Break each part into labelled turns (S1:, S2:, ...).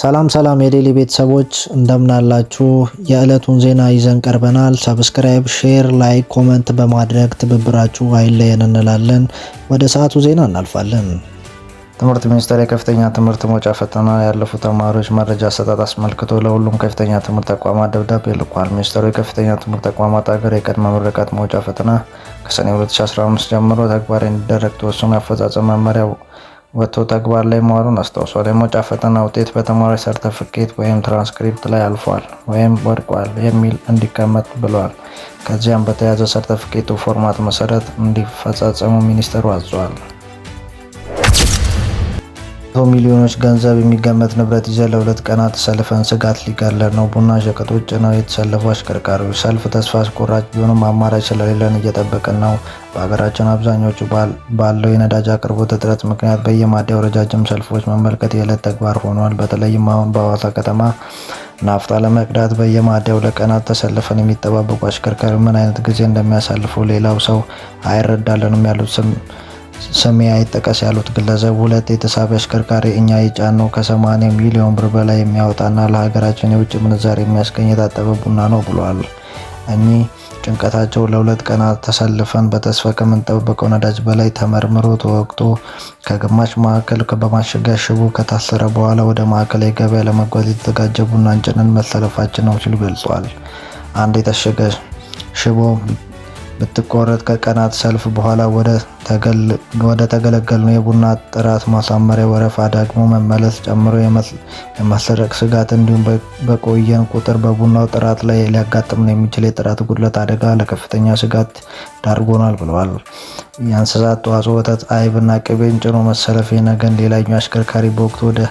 S1: ሰላም ሰላም የዴሊ ቤተሰቦች እንደምናላችሁ፣ የዕለቱን ዜና ይዘን ቀርበናል። ሰብስክራይብ፣ ሼር፣ ላይክ፣ ኮመንት በማድረግ ትብብራችሁ አይለየን እንላለን። ወደ ሰዓቱ ዜና እናልፋለን። ትምህርት ሚኒስቴር የከፍተኛ ትምህርት መውጫ ፈተና ያለፉ ተማሪዎች መረጃ አሰጣጥ አስመልክቶ ለሁሉም ከፍተኛ ትምህርት ተቋማት ደብዳቤ ልኳል። ሚኒስቴሩ የከፍተኛ ትምህርት ተቋማት አገር የቅድመ ምረቃት መውጫ ፈተና ከሰኔ 2015 ጀምሮ ተግባራዊ እንዲደረግ ተወሰኑ አፈጻጸም መመሪያው ወጥቶ ተግባር ላይ መዋሉን አስታውሷል። የመውጫ ፈተና ውጤት በተማሪ ሰርተፍኬት ወይም ትራንስክሪፕት ላይ አልፏል ወይም ወድቋል የሚል እንዲቀመጥ ብለዋል። ከዚያም በተያዘ ሰርተፍኬቱ ፎርማት መሰረት እንዲፈጻጸሙ ሚኒስትሩ አዟል። ሚሊዮኖች ገንዘብ የሚገመት ንብረት ይዘ ለሁለት ቀናት ሰልፈን ስጋት ሊጋለን ነው። ቡና ሸቀጦች ጭነው የተሰለፉ አሽከርካሪዎች ሰልፍ ተስፋ አስቆራጭ ቢሆንም አማራጭ ስለሌለን እየጠበቅን ነው። በሀገራችን አብዛኞቹ ባለው የነዳጅ አቅርቦት እጥረት ምክንያት በየማደያው ረጃጅም ሰልፎች መመልከት የዕለት ተግባር ሆኗል። በተለይም አሁን በሐዋሳ ከተማ ናፍጣ ለመቅዳት በየማደያው ለቀናት ተሰልፈን የሚጠባበቁ አሽከርካሪ ምን አይነት ጊዜ እንደሚያሳልፉ ሌላው ሰው አይረዳለንም ያሉት ስም ስሜ አይጠቀስ ያሉት ግለሰብ ሁለት የተሳቢ አሽከርካሪ እኛ የጫነው ከ80 ሚሊዮን ብር በላይ የሚያወጣና ለሀገራችን የውጭ ምንዛሪ የሚያስገኝ የታጠበ ቡና ነው ብሏል። እኚህ ጭንቀታቸው ለሁለት ቀናት ተሰልፈን በተስፋ ከምንጠብቀው ነዳጅ በላይ ተመርምሮ ተወቅቶ ከግማሽ ማዕከል በማሸጊያ ሽቦ ከታሰረ በኋላ ወደ ማዕከላዊ ገበያ ለመጓዝ የተዘጋጀ ቡናን ጭነን መሰለፋችን ነው ሲሉ ገልጿል። አንድ የታሸገ ሽቦ ብትቆረጥ ከቀናት ሰልፍ በኋላ ወደ ነው የቡና ጥራት ማሳመሪያ ወረፋ ደግሞ መመለስ ጨምሮ የማሰረቅ ስጋት እንዲሁም በቆየን ቁጥር በቡናው ጥራት ላይ ሊያጋጥም የሚችል የጥራት ጉድለት አደጋ ለከፍተኛ ስጋት ዳርጎናል ብለዋል። የእንስሳት ተዋጽኦ ወተት፣ አይብና ቅቤን ጭኖ መሰለፍ የነገን ሌላኛው አሽከርካሪ በወቅቱ ወደ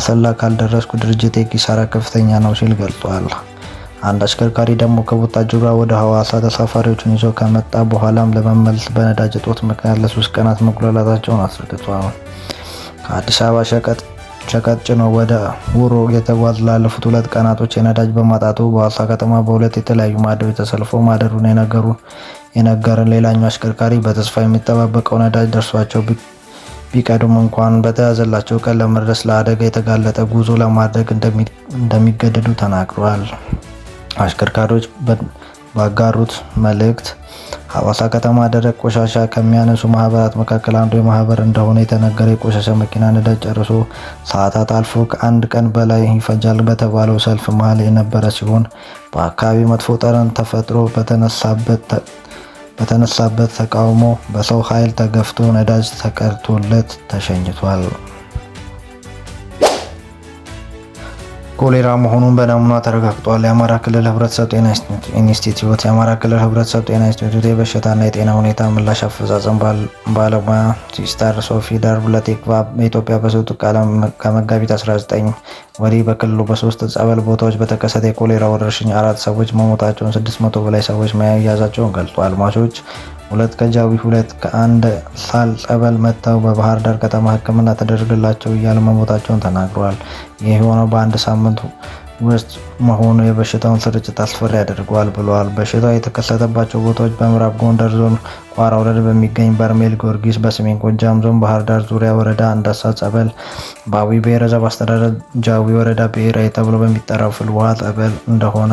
S1: አሰላ ካልደረስኩ ድርጅት ኪሳራ ከፍተኛ ነው ሲል ገልጿል። አንድ አሽከርካሪ ደግሞ ከቡታጅራ ወደ ሐዋሳ ተሳፋሪዎቹን ይዞ ከመጣ በኋላም ለመመለስ በነዳጅ እጦት ምክንያት ለሶስት ቀናት መጉላላታቸውን አስረድቷል። ከአዲስ አበባ ሸቀጥ ሸቀጥ ጭኖ ወደ ውሮ የተጓዝ ላለፉት ሁለት ቀናቶች የነዳጅ በማጣቱ በሐዋሳ ከተማ በሁለት የተለያዩ ማደሮች ተሰልፎ ማደሩን የነገሩ የነገረን ሌላኛው አሽከርካሪ በተስፋ የሚጠባበቀው ነዳጅ ደርሷቸው ቢቀዱም እንኳን በተያዘላቸው ቀን ለመድረስ ለአደጋ የተጋለጠ ጉዞ ለማድረግ እንደሚገደዱ ተናግሯል። አሽከርካሪዎች ባጋሩት መልእክት ሐዋሳ ከተማ ደረቅ ቆሻሻ ከሚያነሱ ማህበራት መካከል አንዱ ማህበር እንደሆነ የተነገረ የቆሻሻ መኪና ነዳጅ ጨርሶ ሰዓታት አልፎ ከአንድ ቀን በላይ ይፈጃል በተባለው ሰልፍ መሀል የነበረ ሲሆን በአካባቢው መጥፎ ጠረን ተፈጥሮ በተነሳበት ተቃውሞ በሰው ኃይል ተገፍቶ ነዳጅ ተቀርቶለት ተሸኝቷል። ኮሌራ መሆኑን በናሙና ተረጋግጧል። የአማራ ክልል ህብረተሰብ ጤና ኢንስቲትዩት የአማራ ክልል ህብረተሰብ ጤና ኢንስቲትዩት የበሽታና የጤና ሁኔታ ምላሽ አፈጻጸም ባለሙያ ሲስተር ሶፊ ዳርብለቴክ በኢትዮጵያ በሰጡት ቃለ ከመጋቢት 19 ወዲህ በክልሉ በሶስት ጸበል ቦታዎች በተከሰተ የኮሌራ ወረርሽኝ አራት ሰዎች መሞታቸውን፣ 600 በላይ ሰዎች መያዛቸውን ገልጿል። ሟቾች ሁለት ከጃዊ ሁለት ከአንድ ሳል ጸበል መጥተው በባህር ዳር ከተማ ሕክምና ተደርግላቸው እያለ መሞታቸውን ተናግረዋል። ይህ የሆነው በአንድ ሳምንት ውስጥ መሆኑ የበሽታውን ስርጭት አስፈሪ ያደርገዋል ብለዋል። በሽታው የተከሰተባቸው ቦታዎች በምዕራብ ጎንደር ዞን ቋራ ወረዳ በሚገኝ በርሜል ጊዮርጊስ፣ በሰሜን ጎጃም ዞን ባህር ዳር ዙሪያ ወረዳ አንዳሳ ጸበል፣ በአዊ ብሔረሰብ አስተዳደር ጃዊ ወረዳ ብሔራዊ ተብሎ በሚጠራው ፍልውሃ ጸበል እንደሆነ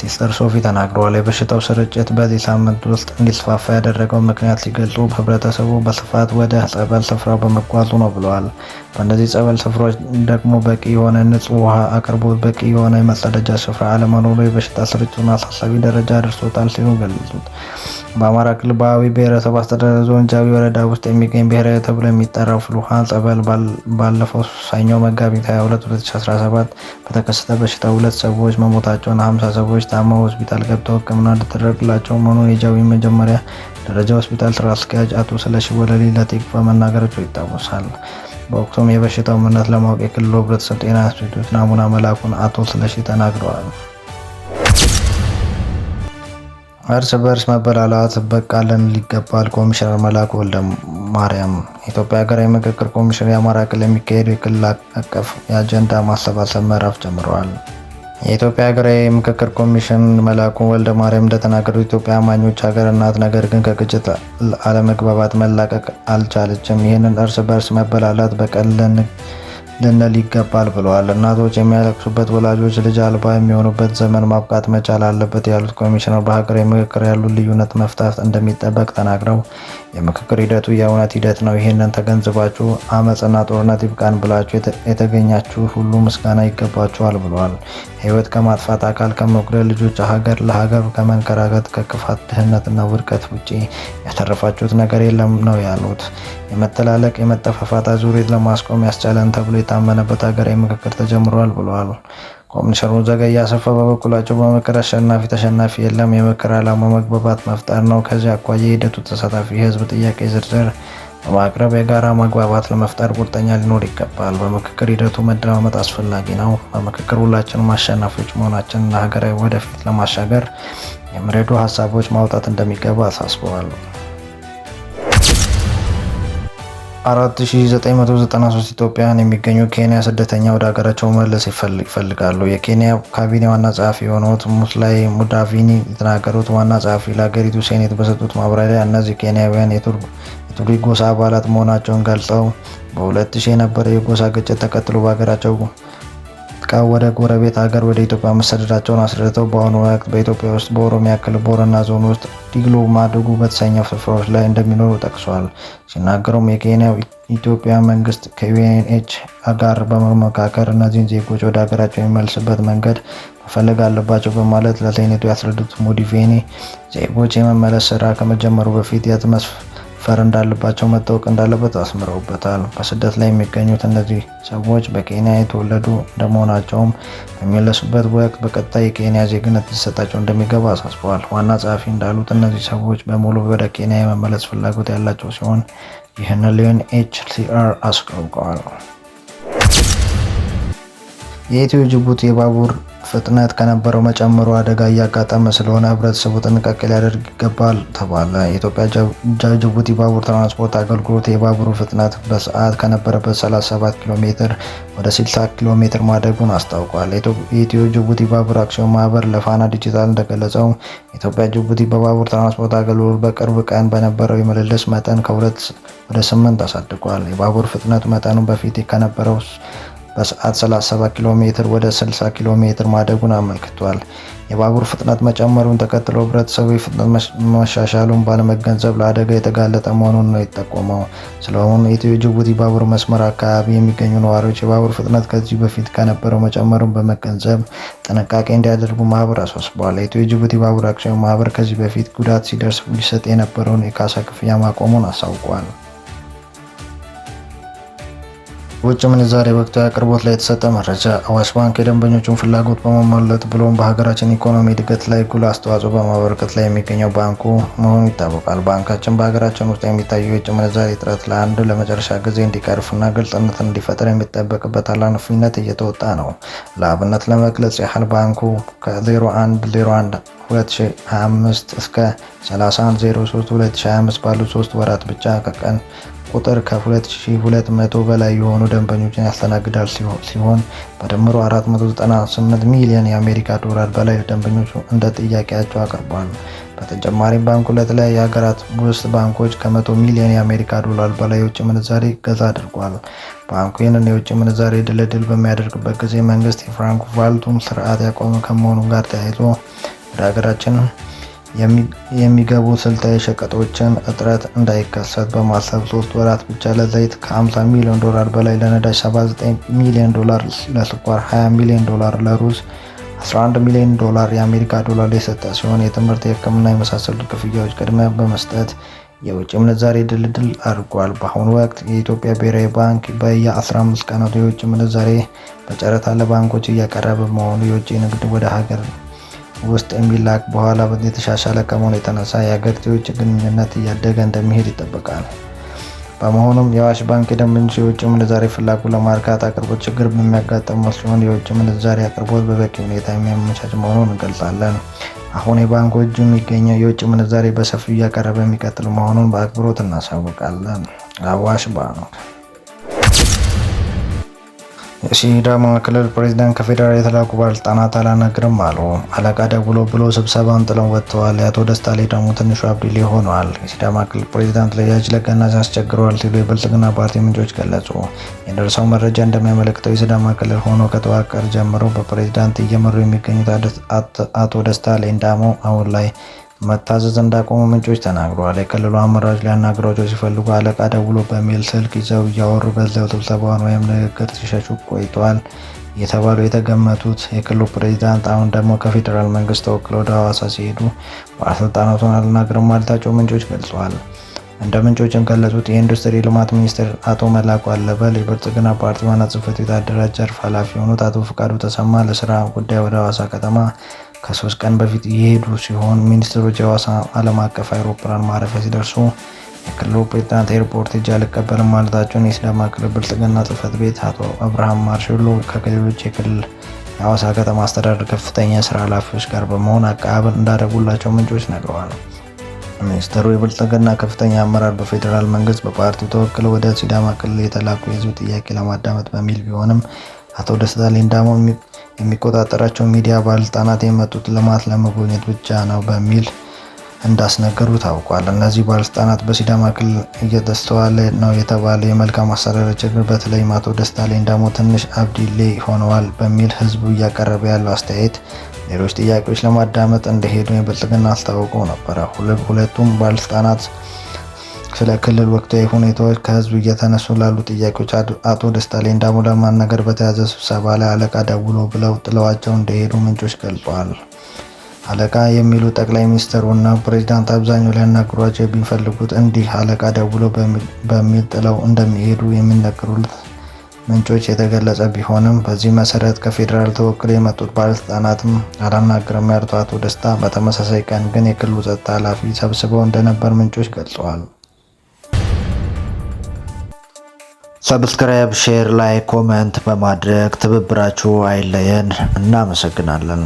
S1: ሲስተር ሶፊ ተናግረዋል። የበሽታው ስርጭት በዚህ ሳምንት ውስጥ እንዲስፋፋ ያደረገው ምክንያት ሲገልጹ ህብረተሰቡ በስፋት ወደ ጸበል ስፍራው በመጓዙ ነው ብለዋል። በእነዚህ ጸበል ስፍራዎች ደግሞ በቂ የሆነ ንጹህ ውሃ አቅርቦት፣ በቂ የሆነ የመጸደጃ ስፍራ አለመኖሩ የበሽታ ስርጭቱን አሳሳቢ ደረጃ አድርሶታል ሲሉ ገለጹት። በአማራ ክልል በአዊ ብሔረሰብ አስተዳደር ዞን ጃዊ ወረዳ ውስጥ የሚገኝ ብሔራዊ ተብሎ የሚጠራው ፍሉሃን ጸበል ባለፈው ሰኞ መጋቢት 22 2017 በተከሰተ በሽታ ሁለት ሰዎች መሞታቸውን 50 ሰዎች ሰዎች ታመው ሆስፒታል ገብተው ሕክምና እንደተደረግላቸው መሆኑን የጃዊ መጀመሪያ ደረጃ ሆስፒታል ስራ አስኪያጅ አቶ ስለሺ ወለሌ ለቲክቫህ መናገራቸው ይታወሳል። በወቅቱም የበሽታው ምንነት ለማወቅ የክልሉ ህብረተሰብ ጤና ኢንስቲትዩት ናሙና መላኩን አቶ ስለሺ ተናግረዋል። እርስ በእርስ መበላላት በቃለን ሊገባል። ኮሚሽነር መላኩ ወልደ ማርያም የኢትዮጵያ ሀገራዊ ምክክር ኮሚሽን የአማራ ክልል የሚካሄደው የክልል አቀፍ የአጀንዳ ማሰባሰብ ምዕራፍ ጀምረዋል። የኢትዮጵያ ሀገራዊ ምክክር ኮሚሽን መላኩ ወልደ ማርያም እንደተናገሩት ኢትዮጵያ አማኞች ሀገር ነገር ግን ከግጭት አለመግባባት መላቀቅ አልቻለችም። ይህንን እርስ በርስ መበላላት በቀል ልንል ይገባል ብለዋል። እናቶች የሚያለቅሱበት፣ ወላጆች ልጅ አልባ የሚሆኑበት ዘመን ማብቃት መቻል አለበት ያሉት ኮሚሽነር በሀገራዊ ምክክር ያሉ ልዩነት መፍታት እንደሚጠበቅ ተናግረው የምክክር ሂደቱ የእውነት ሂደት ነው። ይህንን ተገንዝባችሁ አመፅና ጦርነት ይብቃን ብላችሁ የተገኛችሁ ሁሉ ምስጋና ይገባችኋል ብለዋል። ህይወት ከማጥፋት አካል ከመጉደል ልጆች ሀገር ለሀገር ከመንከራከት ከክፋት ድህነትና ውድቀት ውጪ ያተረፋችሁት ነገር የለም ነው ያሉት። የመተላለቅ የመጠፋፋት አዙሪት ለማስቆም ያስቻለን ተብሎ የታመነበት ሀገራዊ ምክክር ተጀምሯል ብለዋል። ኮሚሽነሩ ዘገየ አሰፋ በበኩላቸው በምክር አሸናፊ ተሸናፊ የለም፣ የምክር ዓላማ መግባባት መፍጠር ነው። ከዚህ አኳያ የሂደቱ ተሳታፊ የህዝብ ጥያቄ ዝርዝር በማቅረብ የጋራ መግባባት ለመፍጠር ቁርጠኛ ሊኖር ይገባል። በምክክር ሂደቱ መደማመጥ አስፈላጊ ነው። በምክክር ሁላችንም አሸናፊዎች መሆናችንን ለሀገራዊ ወደፊት ለማሻገር የሚረዱ ሀሳቦች ማውጣት እንደሚገባ አሳስበዋል። 4993 ኢትዮጵያውያን የሚገኙ ኬንያ ስደተኛ ወደ ሀገራቸው መለስ ይፈልጋሉ። የኬንያ ካቢኔ ዋና ጸሐፊ የሆኑት ሙስላይ ሙዳቪኒ የተናገሩት ዋና ጸሐፊ ለሀገሪቱ ሴኔት በሰጡት ማብራሪያ እነዚህ ኬንያውያን የቱሪ ጎሳ አባላት መሆናቸውን ገልጸው በ2000 የነበረ የጎሳ ግጭት ተከትሎ በሀገራቸው ተጠቅጥቀው ወደ ጎረቤት ሀገር ወደ ኢትዮጵያ መሰደዳቸውን አስረድተው በአሁኑ ወቅት በኢትዮጵያ ውስጥ በኦሮሚያ ክልል ቦረና ዞን ውስጥ ዲግሎ ማድጉ በተሰኘ ስፍራዎች ላይ እንደሚኖሩ ጠቅሷል። ሲናገሩም የኬንያው ኢትዮጵያ መንግስት ከዩኤንኤች ጋር በመመካከር እነዚህን ዜጎች ወደ ሀገራቸው የሚመልስበት መንገድ መፈለግ አለባቸው በማለት ለቴኔቶ ያስረዱት ሙዲቬኒ ዜጎች የመመለስ ስራ ከመጀመሩ በፊት የትመስፍ መደፈር እንዳለባቸው መታወቅ እንዳለበት አስምረውበታል። በስደት ላይ የሚገኙት እነዚህ ሰዎች በኬንያ የተወለዱ እንደመሆናቸውም በሚመለሱበት ወቅት በቀጣይ የኬንያ ዜግነት ሊሰጣቸው እንደሚገባ አሳስበዋል። ዋና ጸሐፊ እንዳሉት እነዚህ ሰዎች በሙሉ ወደ ኬንያ የመመለስ ፍላጎት ያላቸው ሲሆን ይህንን ሊዮን ኤችሲአር አስታውቀዋል። የኢትዮ ጅቡቲ የባቡር ፍጥነት ከነበረው መጨመሩ አደጋ እያጋጠመ ስለሆነ ህብረተሰቡ ጥንቃቄ ሊያደርግ ይገባል ተባለ። የኢትዮጵያ ጅቡቲ ባቡር ትራንስፖርት አገልግሎት የባቡሩ ፍጥነት በሰዓት ከነበረበት 37 ኪሎ ሜትር ወደ 60 ኪሎ ሜትር ማደጉን አስታውቋል። የኢትዮ ጅቡቲ ባቡር አክሲዮን ማህበር ለፋና ዲጂታል እንደገለጸው ኢትዮጵያ ጅቡቲ በባቡር ትራንስፖርት አገልግሎት በቅርብ ቀን በነበረው የምልልስ መጠን ከሁለት ወደ ስምንት አሳድጓል። የባቡር ፍጥነቱ መጠኑ በፊት ከነበረው በሰዓት 37 ኪሎ ሜትር ወደ 60 ኪሎ ሜትር ማደጉን አመልክቷል። የባቡር ፍጥነት መጨመሩን ተከትሎ ህብረተሰቡ የፍጥነት መሻሻሉን ባለመገንዘብ ለአደጋ የተጋለጠ መሆኑን ነው የጠቆመው። ስለሆኑ የኢትዮ ጅቡቲ ባቡር መስመር አካባቢ የሚገኙ ነዋሪዎች የባቡር ፍጥነት ከዚህ በፊት ከነበረው መጨመሩን በመገንዘብ ጥንቃቄ እንዲያደርጉ ማህበር አሳስቧል። የኢትዮ ጅቡቲ ባቡር አክሲዮን ማህበር ከዚህ በፊት ጉዳት ሲደርስ ሊሰጥ የነበረውን የካሳ ክፍያ ማቆሙን አሳውቋል። ውጭ ምንዛሬ ወቅታዊ አቅርቦት ላይ የተሰጠ መረጃ አዋሽ ባንክ የደንበኞቹን ፍላጎት በማሟላት ብሎም በሀገራችን ኢኮኖሚ እድገት ላይ ጉልህ አስተዋጽኦ በማበረከት ላይ የሚገኘው ባንኩ መሆኑ ይታወቃል። ባንካችን በሀገራችን ውስጥ የሚታየው የውጭ ምንዛሬ እጥረት ለአንድ ለመጨረሻ ጊዜ እንዲቀርፍና ግልጽነት እንዲፈጠር የሚጠበቅበት ኃላፊነት እየተወጣ ነው። ለአብነት ለመግለጽ ያህል ባንኩ ከ0101 2025 እስከ 3103 2025 ባሉት ሶስት ወራት ብቻ ከቀን ቁጥር ከ2200 በላይ የሆኑ ደንበኞችን ያስተናግዳል ሲሆን በድምሩ 498 ሚሊዮን የአሜሪካ ዶላር በላይ ደንበኞቹ እንደ ጥያቄያቸው አቅርቧል። በተጨማሪም ባንኩ ላይ የሀገራት ውስጥ ባንኮች ከ100 ሚሊዮን የአሜሪካ ዶላር በላይ የውጭ ምንዛሬ ገዛ አድርጓል። ባንኩ ይህንን የውጭ ምንዛሬ ድልድል በሚያደርግበት ጊዜ መንግስት የፍራንክ ቫልቱም ስርዓት ያቆመ ከመሆኑ ጋር ተያይዞ ወደ ሀገራችን የሚገቡ ስልታዊ ሸቀጦችን እጥረት እንዳይከሰት በማሰብ ሶስት ወራት ብቻ ለዘይት ከ50 ሚሊዮን ዶላር በላይ፣ ለነዳጅ 79 ሚሊዮን ዶላር፣ ለስኳር 20 ሚሊዮን ዶላር፣ ለሩዝ 11 ሚሊዮን ዶላር የአሜሪካ ዶላር የሰጠ ሲሆን የትምህርት፣ የሕክምና የመሳሰሉ ክፍያዎች ቅድሚያ በመስጠት የውጭ ምንዛሬ ድልድል አድርጓል። በአሁኑ ወቅት የኢትዮጵያ ብሔራዊ ባንክ በየ15 ቀናት የውጭ ምንዛሬ በጨረታ ለባንኮች እያቀረበ መሆኑ የውጭ ንግድ ወደ ሀገር ውስጥ የሚላክ በኋላ የተሻሻለ ከመሆኑ የተነሳ የሀገሪቱ የውጭ ግንኙነት እያደገ እንደሚሄድ ይጠበቃል። በመሆኑም የአዋሽ ባንክ የደም የውጭ ምንዛሬ ፍላጎት ለማርካት አቅርቦት ችግር በሚያጋጥመው ሲሆን የውጭ ምንዛሬ አቅርቦት በበቂ ሁኔታ የሚያመቻች መሆኑን እንገልጻለን። አሁን የባንኩ እጁ የሚገኘው የውጭ ምንዛሬ በሰፊው እያቀረበ የሚቀጥል መሆኑን በአክብሮት እናሳውቃለን። አዋሽ ባንክ የሲዳማ ክልል ፕሬዚዳንት ከፌዴራል የተላኩ ባለስልጣናት አላነግርም አሉ። አለቃ ደውሎ ብሎ ስብሰባውን ጥለው ወጥተዋል። የአቶ ደስታ ላይ ደግሞ ትንሹ አብዲል ሆኗል። የሲዳማ ክልል ፕሬዚዳንት ለያጅ ለጋና አስቸግረዋል ሲሉ የብልጽግና ፓርቲ ምንጮች ገለጹ። የደረሰው መረጃ እንደሚያመለክተው የሲዳማ ክልል ሆኖ ከተዋቀር ጀምሮ በፕሬዚዳንት እየመሩ የሚገኙት አቶ ደስታ እንዳሞ አሁን ላይ መታዘዝ እንዳቆሙ ምንጮች ተናግረዋል። የክልሉ አመራሮች ሊያናግሯቸው ሲፈልጉ አለቃ ደውሎ በሚል ስልክ ይዘው እያወሩ በዚያው ስብሰባውን ወይም ንግግር ሲሸሹ ቆይተዋል የተባሉ የተገመቱት የክልሉ ፕሬዚዳንት አሁን ደግሞ ከፌዴራል መንግስት ተወክለው ወደ ሐዋሳ ሲሄዱ ባለስልጣናቱን አልናገርም ማለታቸው ምንጮች ገልጸዋል። እንደ ምንጮችም ገለጹት የኢንዱስትሪ ልማት ሚኒስትር አቶ መላኩ አለበል የብልጽግና ፓርቲ ዋና ጽህፈት ቤት አደራጅ ዘርፍ ኃላፊ የሆኑት አቶ ፍቃዱ ተሰማ ለስራ ጉዳይ ወደ ሐዋሳ ከተማ ከሶስት ቀን በፊት እየሄዱ ሲሆን ሚኒስትሮች የሐዋሳ ዓለም አቀፍ አውሮፕላን ማረፊያ ሲደርሱ የክልሉ ፕሬዚዳንት ኤርፖርት እጅ አልቀበልም ማለታቸውን የሲዳማ ክልል ብልጽግና ጽህፈት ቤት አቶ አብርሃም ማርሽሎ ከሌሎች የክልል የሐዋሳ ከተማ አስተዳደር ከፍተኛ ስራ ኃላፊዎች ጋር በመሆን አቀባበል እንዳደረጉላቸው ምንጮች ነግረዋል። ሚኒስትሩ የብልጽግና ከፍተኛ አመራር በፌዴራል መንግስት በፓርቲው ተወክለው ወደ ሲዳማ ክልል የተላኩ የህዝብ ጥያቄ ለማዳመጥ በሚል ቢሆንም አቶ ደስታ ሌዳሞ የሚቆጣጠራቸው ሚዲያ ባለስልጣናት የመጡት ልማት ለመጎብኘት ብቻ ነው በሚል እንዳስነገሩ ታውቋል። እነዚህ ባለስልጣናት በሲዳማ ክልል እየተስተዋለ ነው የተባለ የመልካም አስተዳደር ችግር በተለይም አቶ ደስታ ሌዳሞ ትንሽ አብዲሌ ሆነዋል በሚል ህዝቡ እያቀረበ ያለው አስተያየት ሌሎች ጥያቄዎች ለማዳመጥ እንደሄዱ የብልጽግና አስታውቀው ነበረ። ሁለቱም ባለስልጣናት ስለ ክልል ወቅታዊ ሁኔታዎች ከህዝብ እየተነሱ ላሉ ጥያቄዎች አቶ ደስታ ሌዳሞ ለማናገር በተያዘ ስብሰባ ላይ አለቃ ደውሎ ብለው ጥለዋቸው እንደሄዱ ምንጮች ገልጸዋል። አለቃ የሚሉት ጠቅላይ እና ፕሬዚዳንት አብዛኛው ሊያናግሯቸው የሚፈልጉት እንዲህ አለቃ ደውሎ በሚል ጥለው እንደሚሄዱ የሚነግሩት ምንጮች የተገለጸ ቢሆንም በዚህ መሰረት ከፌዴራል ተወክሎ የመጡት ባለስልጣናትም አላናግርም ያሉት አቶ ደስታ በተመሳሳይ ቀን ግን የክልሉ ጸጥታ ኃላፊ ሰብስበው እንደነበር ምንጮች ገልጸዋል። ሰብስክራይብ፣ ሼር ላይ ኮመንት በማድረግ ትብብራችሁ አይለየን። እናመሰግናለን።